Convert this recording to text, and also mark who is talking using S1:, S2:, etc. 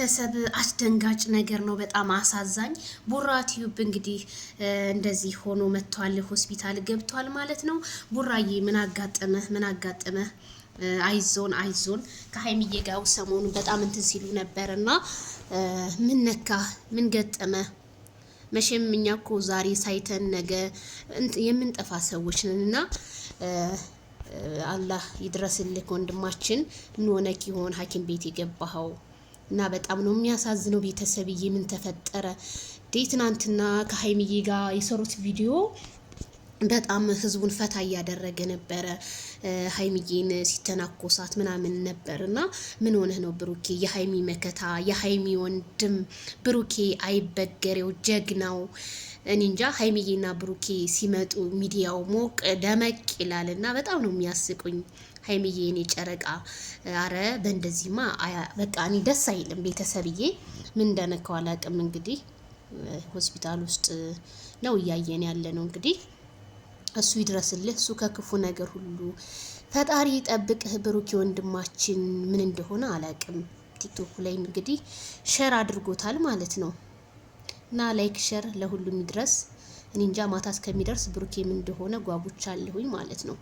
S1: ቤተሰብ አስደንጋጭ ነገር ነው። በጣም አሳዛኝ ቡራ ቲዩብ እንግዲህ እንደዚህ ሆኖ መጥቷል። ሆስፒታል ገብቷል ማለት ነው። ቡራዬ ምን አጋጠመህ? ምን አጋጠመህ? አይዞን አይዞን። ከሀይሚዬ ጋር ሰሞኑ በጣም እንትን ሲሉ ነበር እና ምን ነካ? ምን ገጠመ? መቼም እኛ እኮ ዛሬ ሳይተን ነገ የምንጠፋ ሰዎች ነን እና አላህ ይድረስልህ ወንድማችን። ምን ሆነህ ይሆን ሐኪም ቤት የገባኸው? እና በጣም ነው የሚያሳዝነው። ቤተሰብዬ ምን ተፈጠረ? ዴ ትናንትና ከሀይሚዬ ጋር የሰሩት ቪዲዮ በጣም ህዝቡን ፈታ እያደረገ ነበረ። ሀይሚዬን ሲተናኮሳት ምናምን ነበር እና ምን ሆነህ ነው ብሩኬ? የሀይሚ መከታ፣ የሀይሚ ወንድም ብሩኬ አይበገሬው ጀግናው። እኔ እንጃ ሀይሚዬና ብሩኬ ሲመጡ ሚዲያው ሞቅ ደመቅ ይላል እና በጣም ነው የሚያስቁኝ። ሀይሚዬ እኔ ጨረቃ፣ አረ በእንደዚህማ በቃ እኔ ደስ አይልም። ቤተሰብዬ ምን እንደነካው አላውቅም። እንግዲህ ሆስፒታል ውስጥ ነው እያየን ያለ ነው እንግዲህ እሱ ይድረስልህ። እሱ ከክፉ ነገር ሁሉ ፈጣሪ ጠብቅህ። ብሩኬ ወንድማችን ምን እንደሆነ አላቅም። ቲክቶክ ላይ እንግዲህ ሸር አድርጎታል ማለት ነው እና ላይክ ሸር ለሁሉም ይድረስ። እኔ እንጃ ማታ እስከሚደርስ ብሩኬ ምን እንደሆነ ጓጉቻለሁኝ ማለት ነው።